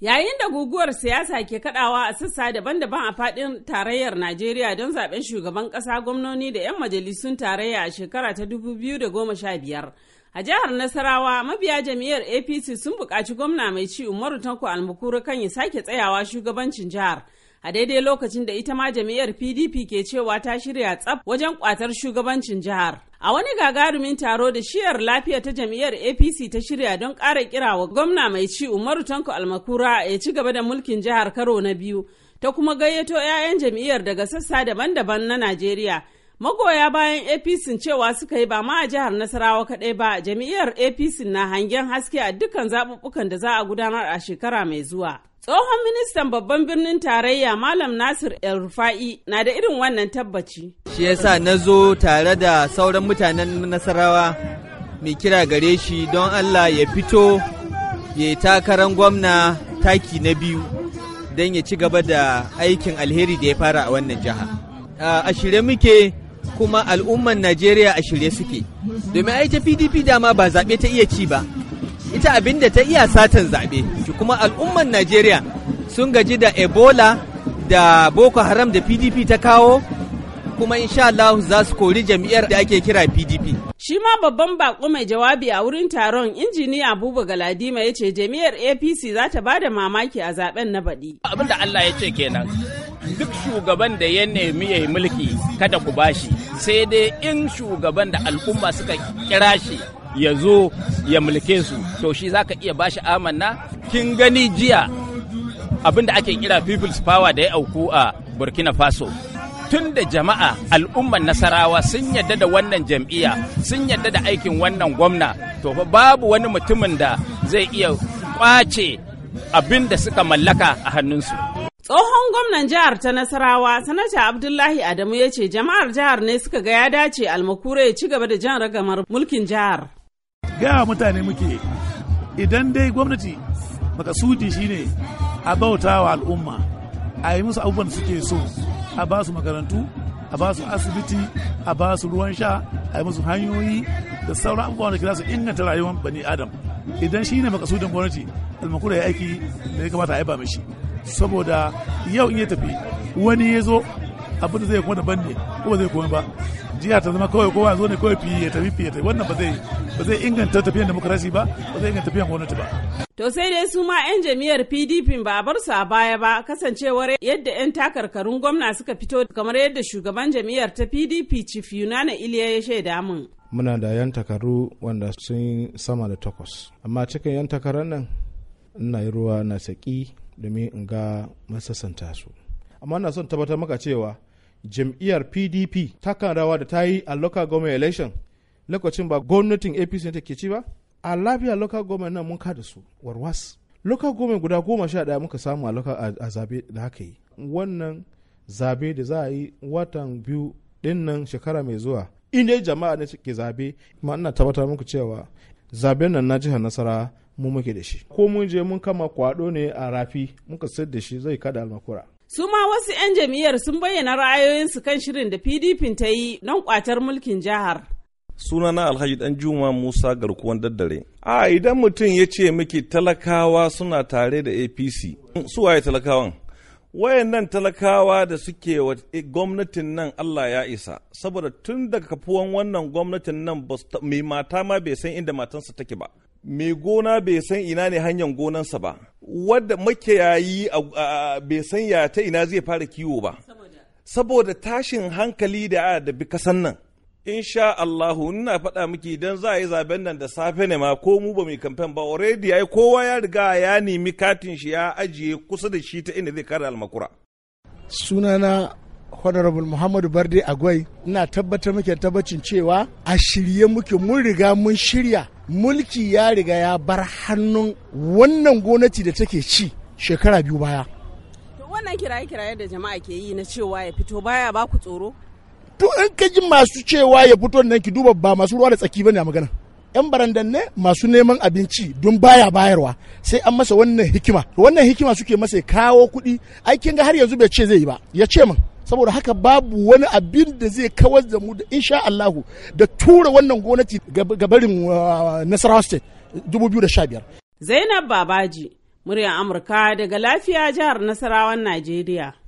Yayin da guguwar siyasa ke kadawa a sassa daban-daban a fadin tarayyar Najeriya don zaben shugaban kasa gwamnoni da 'yan majalisun tarayya a shekara ta 2015. A jihar Nasarawa mabiya jam'iyyar APC sun buƙaci gwamna mai ci Umaru Tanko Almukuru kan ya sake tsayawa shugabancin jihar a daidai lokacin da ita ma jam'iyyar pdp ke cewa ta shirya tsaf wajen kwatar shugabancin jihar a wani gagarumin taro da shiyar lafiya ta jam'iyyar apc ta shirya don ƙara ƙirawa, gwamna mai ci umaru tanko almakura ya ci gaba da mulkin jihar karo na biyu ta kuma gayyato 'ya'yan jam'iyyar daga sassa daban-daban na najeriya Magoya bayan APC cewa suka yi ba ma a jihar Nasarawa kaɗai ba, jam'iyyar APC na hangen haske a dukkan zaɓuɓɓukan da za a gudanar a shekara mai zuwa. Tsohon ministan babban birnin tarayya Malam Nasir El Rufa'i na da irin wannan tabbaci. Shi yasa na zo tare da sauran mutanen Nasarawa mai kira gare shi don Allah ya fito ya yi takarar gwamna taki na biyu. don ya ci gaba da aikin alheri da ya fara a wannan jiha. A shirye muke kuma al'umman Najeriya a shirye suke. Domin ai ta PDP dama ba zaɓe ta iya ci ba. Ita abin da ta iya satan zaɓe, shi kuma al'umman Najeriya sun gaji da Ebola da Boko Haram da PDP ta kawo kuma insha Allah za su kori jam'iyyar da ake kira PDP. Shi ma babban bako mai jawabi a wurin taron injiniya Abubu Galadima ya ce jam'iyyar APC za ta ba da mamaki a zaben na baɗi. Abin da Allah ya ce kenan. duk shugaban da ya nemi ya yi mulki kada ku bashi sai dai in shugaban da al'umma suka kira shi ya zo ya mulke su to shi za ka iya bashi amanna kin gani jiya abin da ake kira people's power da ya auku a burkina faso tun da jama'a al'ummar nasarawa sun yadda da wannan jam'iyya sun yadda da aikin wannan gwamna to babu wani mutumin da zai iya kwace abin da suka mallaka a hannunsu Tsohon gwamnan jihar ta Nasarawa, Sanata Abdullahi Adamu ya ce jama'ar jihar ne suka ga ya dace almakure ya ci gaba da jan ragamar mulkin jihar. Gaya mutane muke idan dai gwamnati makasudi ne a bauta wa al'umma a yi musu abubuwan da suke so a ba su makarantu a ba su asibiti a ba su ruwan sha a yi musu hanyoyi da sauran abubuwan da ke su inganta rayuwar bani adam idan ne makasudin gwamnati almakura ya aiki da ya kamata a yaba mishi. saboda yau in ya tafi wani ya zo abin da zai kuma daban ne ko zai kuma ba jiya ta zama kawai kowa zo ne kawai fiye ya tafi fiye tafi wannan ba zai ba zai inganta tafiyan demokrasi ba ba zai inganta tafiyan gwamnati ba to sai dai su ma yan jam'iyyar PDP ba a bar su a baya ba kasancewar yadda yan takarkarun gwamna suka fito kamar yadda shugaban jam'iyyar ta PDP Chief Yunana Iliya ya shaida mun. muna da yan takaru wanda sun sama da takwas amma cikin yan takarar nan ina yi ruwa na saki domin in ga masasanta su amma na son tabbatar maka cewa jam'iyyar pdp ta kan rawa da ta yi a local government election lokacin ba gwamnatin apc ne take ci ba a lafiya local government nan mun kada su warwas local government guda goma sha daya muka samu a local a zabe da haka yi wannan zabe da za a yi watan biyu ɗinnan shekara mai zuwa inda jama'a ne suke zabe kuma ina tabbatar muku cewa zaben nan na jihar nasara mu muke da shi ko mun je mun kama kwado ne a rafi muka sayar da shi zai kada almakura su ma wasu 'yan jam'iyyar sun bayyana ra'ayoyinsu kan shirin da pdp ta yi don kwatar mulkin jihar sunana alhaji dan juma musa garkuwan daddare a idan mutum ya ce miki talakawa suna tare da apc su waye talakawan wayannan talakawa da suke wa gwamnatin nan Allah ya isa saboda tun daga kafuwan wannan gwamnatin nan mai mata ma bai san inda matansa take ba mai gona bai san ina ne hanyar gonansa ba wadda makiyayi bai san ya ta ina zai fara kiwo ba saboda tashin hankali da a da bi kasan nan insha Allahu ina faɗa miki idan za a yi zaben nan da safe ne ma ko mu ba mai kamfen ba already ya kowa ya riga ya nemi katin shi ya ajiye kusa da shi ta inda zai kare almakura sunana honorable muhammadu barde agwai ina tabbatar muke tabbacin cewa a shirye muke mun riga mun shirya mulki ya riga ya bar hannun wannan gwamnati da take ci shekara biyu baya To wannan kiraye-kiraye da jama'a ke yi na cewa ya fito baya ba ku tsoro to in ka ji masu cewa ya fito nan ki duba ba masu ruwa da tsaki bane a magana yan barandan ne masu neman abinci don baya bayarwa sai an masa wannan hikima wannan hikima suke masa kawo kuɗi aikin ga har yanzu bai ce zai yi ba ya ce min saboda haka babu wani abin da zai kawar da mu da insha Allahu da tura wannan gwamnati gabarin uh, Nasarawa State 2015. Zainab Babaji, muryar Amurka daga lafiya jihar Nasarawan Najeriya.